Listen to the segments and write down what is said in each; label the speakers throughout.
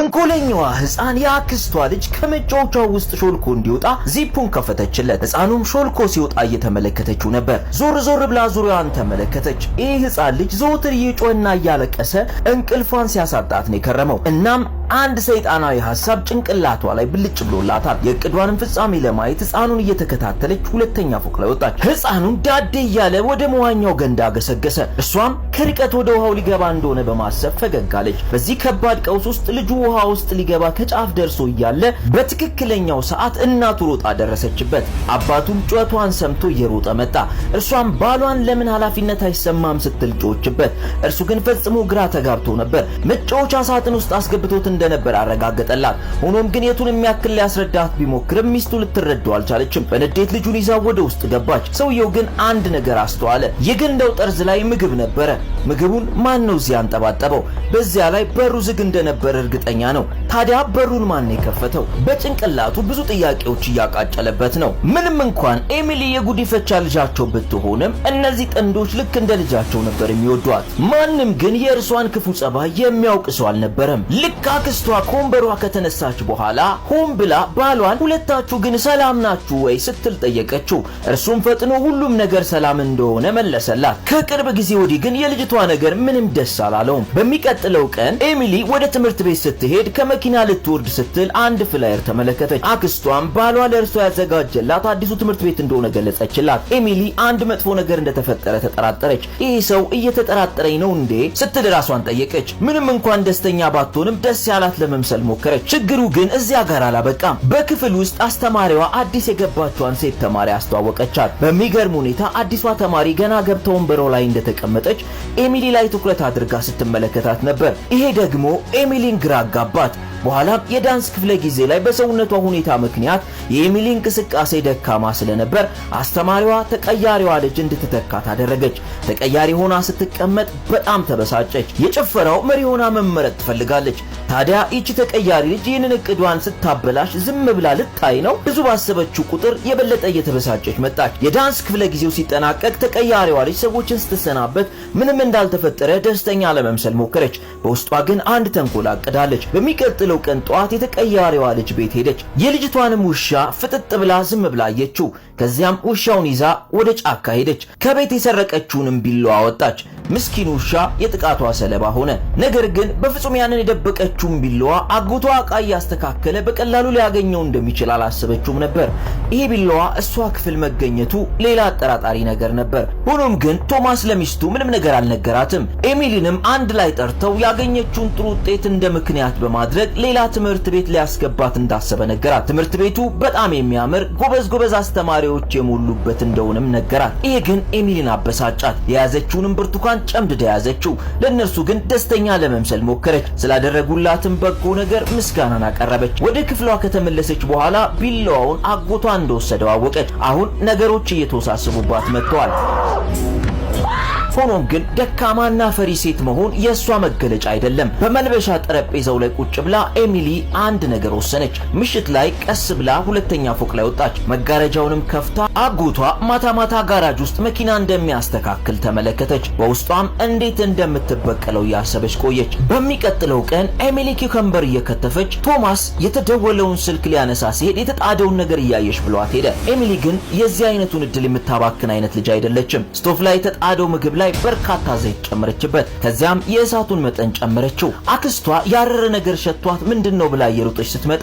Speaker 1: ተንኮለኛዋ ህፃን የአክስቷ ልጅ ከመጫወቻው ውስጥ ሾልኮ እንዲወጣ ዚፑን ከፈተችለት። ህፃኑም ሾልኮ ሲወጣ እየተመለከተችው ነበር። ዞር ዞር ብላ ዙሪያዋን ተመለከተች። ይህ ህፃን ልጅ ዘውትር እየጮኸና እያለቀሰ እንቅልፏን ሲያሳጣት ነው የከረመው። እናም አንድ ሰይጣናዊ ሀሳብ ጭንቅላቷ ላይ ብልጭ ብሎላታል። የእቅዷንም ፍጻሜ ለማየት ህፃኑን እየተከታተለች ሁለተኛ ፎቅ ላይ ወጣች። ህፃኑን ዳዴ እያለ ወደ መዋኛው ገንዳ ገሰገሰ። እሷም ከርቀት ወደ ውሃው ሊገባ እንደሆነ በማሰብ ፈገግ አለች። በዚህ ከባድ ቀውስ ውስጥ ልጁ ውሃ ውስጥ ሊገባ ከጫፍ ደርሶ እያለ በትክክለኛው ሰዓት እናቱ ሮጣ ደረሰችበት። አባቱም ጩኸቷን ሰምቶ እየሮጠ መጣ። እርሷም ባሏን ለምን ኃላፊነት አይሰማም ስትል ጮችበት፣ እርሱ ግን ፈጽሞ ግራ ተጋብቶ ነበር። መጫወቻ ሳጥን ውስጥ አስገብቶት እንደነበር አረጋገጠላት። ሆኖም ግን የቱን የሚያክል ሊያስረዳት ቢሞክርም ሚስቱ ልትረዳው አልቻለችም። በንዴት ልጁን ይዛ ወደ ውስጥ ገባች። ሰውየው ግን አንድ ነገር አስተዋለ። የገንዳው ጠርዝ ላይ ምግብ ነበረ። ምግቡን ማን ነው እዚህ አንጠባጠበው? በዚያ ላይ በሩ ዝግ እንደነበር እርግጠኛ ነው። ታዲያ በሩን ማን የከፈተው? በጭንቅላቱ ብዙ ጥያቄዎች እያቃጨለበት ነው። ምንም እንኳን ኤሚሊ የጉዲፈቻ ልጃቸው ብትሆንም እነዚህ ጥንዶች ልክ እንደ ልጃቸው ነበር የሚወዷት። ማንም ግን የእርሷን ክፉ ጸባይ የሚያውቅ ሰው አልነበረም። ልክ አክስቷ ከወንበሯ ከተነሳች በኋላ ሆን ብላ ባሏን ሁለታችሁ ግን ሰላም ናችሁ ወይ ስትል ጠየቀችው። እርሱም ፈጥኖ ሁሉም ነገር ሰላም እንደሆነ መለሰላት። ከቅርብ ጊዜ ወዲህ ግን የልጅቷ ነገር ምንም ደስ አላለውም። በሚቀጥ በሚቀጥለው ቀን ኤሚሊ ወደ ትምህርት ቤት ስትሄድ ከመኪና ልትወርድ ስትል አንድ ፍላየር ተመለከተች። አክስቷም ባሏ ለእርሷ ያዘጋጀላት አዲሱ ትምህርት ቤት እንደሆነ ገለጸችላት። ኤሚሊ አንድ መጥፎ ነገር እንደተፈጠረ ተጠራጠረች። ይህ ሰው እየተጠራጠረኝ ነው እንዴ ስትል ራሷን ጠየቀች። ምንም እንኳን ደስተኛ ባትሆንም ደስ ያላት ለመምሰል ሞከረች። ችግሩ ግን እዚያ ጋር አላበቃም። በክፍል ውስጥ አስተማሪዋ አዲስ የገባችዋን ሴት ተማሪ አስተዋወቀቻት። በሚገርም ሁኔታ አዲሷ ተማሪ ገና ገብተውን ወንበሯ ላይ እንደተቀመጠች ኤሚሊ ላይ ትኩረት አድርጋ ስትመለከታት ነበር። ይሄ ደግሞ ኤሚሊን ግራ አጋባት። በኋላ የዳንስ ክፍለ ጊዜ ላይ በሰውነቷ ሁኔታ ምክንያት የኤሚሊ እንቅስቃሴ ደካማ ስለነበር አስተማሪዋ ተቀያሪዋ ልጅ እንድትተካ ታደረገች። ተቀያሪ ሆና ስትቀመጥ በጣም ተበሳጨች። የጭፈራው መሪ ሆና መመረጥ ትፈልጋለች። ታዲያ ይቺ ተቀያሪ ልጅ ይህንን እቅዷን ስታበላሽ ዝም ብላ ልታይ ነው? ብዙ ባሰበችው ቁጥር የበለጠ እየተበሳጨች መጣች። የዳንስ ክፍለ ጊዜው ሲጠናቀቅ ተቀያሪዋ ልጅ ሰዎችን ስትሰናበት ምንም እንዳልተፈጠረ ደስተኛ ለመምሰል ሞከረች። በውስጧ ግን አንድ ተንኮል አቅዳለች። በሚቀጥል በሚቀጥለው ቀን ጠዋት የተቀያሪዋ ልጅ ቤት ሄደች። የልጅቷንም ውሻ ፍጥጥ ብላ ዝም ብላ አየችው። ከዚያም ውሻውን ይዛ ወደ ጫካ ሄደች። ከቤት የሰረቀችውንም ቢላዋ አወጣች። ምስኪን ውሻ የጥቃቷ ሰለባ ሆነ። ነገር ግን በፍጹም ያንን የደበቀችውን ቢላዋ አጎቷ ዕቃ እያስተካከለ በቀላሉ ሊያገኘው እንደሚችል አላሰበችውም ነበር። ይሄ ቢላዋ እሷ ክፍል መገኘቱ ሌላ አጠራጣሪ ነገር ነበር። ሆኖም ግን ቶማስ ለሚስቱ ምንም ነገር አልነገራትም። ኤሚሊንም አንድ ላይ ጠርተው ያገኘችውን ጥሩ ውጤት እንደ ምክንያት በማድረግ ሌላ ትምህርት ቤት ሊያስገባት እንዳሰበ ነገራት። ትምህርት ቤቱ በጣም የሚያምር ጎበዝ ጎበዝ አስተማሪዎች የሞሉበት እንደሆነም ነገራት። ይሄ ግን ኤሚሊን አበሳጫት። የያዘችውንም ብርቱካን ጨምድደ ያዘችው። ለእነርሱ ግን ደስተኛ ለመምሰል ሞከረች። ስላደረጉላትም በጎ ነገር ምስጋናን አቀረበች። ወደ ክፍሏ ከተመለሰች በኋላ ቢላዋውን አጎቷ እንደወሰደው አወቀች። አሁን ነገሮች እየተወሳሰቡባት መጥተዋል። ሆኖም ግን ደካማና ፈሪ ሴት መሆን የእሷ መገለጫ አይደለም። በመልበሻ ጠረጴዛው ላይ ቁጭ ብላ ኤሚሊ አንድ ነገር ወሰነች። ምሽት ላይ ቀስ ብላ ሁለተኛ ፎቅ ላይ ወጣች። መጋረጃውንም ከፍታ አጎቷ ማታ ማታ ጋራጅ ውስጥ መኪና እንደሚያስተካክል ተመለከተች። በውስጧም እንዴት እንደምትበቀለው እያሰበች ቆየች። በሚቀጥለው ቀን ኤሚሊ ኪከምበር እየከተፈች ቶማስ የተደወለውን ስልክ ሊያነሳ ሲሄድ የተጣደውን ነገር እያየሽ ብሏት ሄደ። ኤሚሊ ግን የዚህ አይነቱን እድል የምታባክን አይነት ልጅ አይደለችም። ስቶፍ ላይ የተጣደው ምግብ ላይ ላይ በርካታ ዘይት ጨመረችበት። ከዚያም የእሳቱን መጠን ጨመረችው። አክስቷ ያረረ ነገር ሸቷት ምንድን ነው ብላ እየሮጠች ስትመጣ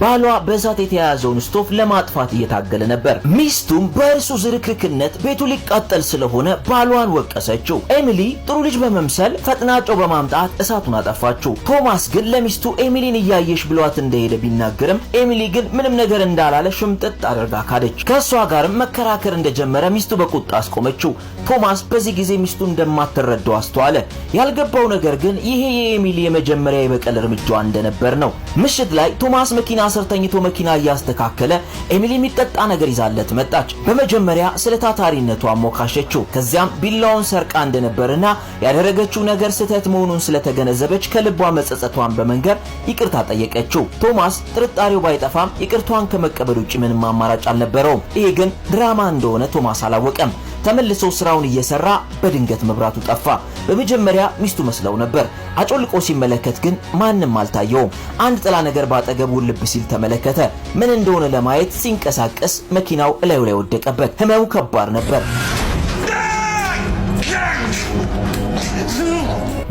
Speaker 1: ባሏ በእሳት የተያያዘውን ስቶፍ ለማጥፋት እየታገለ ነበር። ሚስቱም በእርሱ ዝርክርክነት ቤቱ ሊቃጠል ስለሆነ ባሏን ወቀሰችው። ኤሚሊ ጥሩ ልጅ በመምሰል ፈጥናጮ በማምጣት እሳቱን አጠፋችው። ቶማስ ግን ለሚስቱ ኤሚሊን እያየሽ ብሏት እንደሄደ ቢናገርም ኤሚሊ ግን ምንም ነገር እንዳላለ ሽምጥጥ አድርጋ ካደች። ከእሷ ጋርም መከራከር እንደጀመረ ሚስቱ በቁጣ አስቆመችው። ቶማስ በዚህ ጊዜ ሚስቱ እንደማትረዳው አስተዋለ። ያልገባው ነገር ግን ይሄ የኤሚሊ የመጀመሪያ የበቀል እርምጃ እንደነበር ነው። ምሽት ላይ ቶማስ መኪና ስር ተኝቶ መኪና እያስተካከለ ኤሚሊ የሚጠጣ ነገር ይዛለት መጣች። በመጀመሪያ ስለ ታታሪነቱ አሞካሸችው። ከዚያም ቢላውን ሰርቃ እንደነበርና ያደረገችው ነገር ስህተት መሆኑን ስለተገነዘበች ከልቧ መጸጸቷን በመንገር ይቅርታ ጠየቀችው። ቶማስ ጥርጣሬው ባይጠፋም ይቅርቷን ከመቀበል ውጭ ምንም አማራጭ አልነበረውም። ይሄ ግን ድራማ እንደሆነ ቶማስ አላወቀም። ተመልሶ ስራውን እየሰራ በድንገት መብራቱ ጠፋ። በመጀመሪያ ሚስቱ መስለው ነበር። አጮልቆ ሲመለከት ግን ማንም አልታየውም። አንድ ጥላ ነገር ባጠገቡ ልብ ሲል ተመለከተ። ምን እንደሆነ ለማየት ሲንቀሳቀስ መኪናው እላዩ ላይ ወደቀበት። ህመሙ ከባድ ነበር።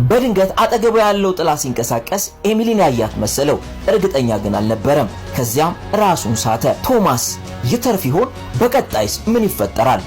Speaker 1: በድንገት አጠገቡ ያለው ጥላ ሲንቀሳቀስ ኤሚሊን ያያት መሰለው። እርግጠኛ ግን አልነበረም። ከዚያም ራሱን ሳተ። ቶማስ ይተርፍ ይሆን? በቀጣይስ ምን ይፈጠራል?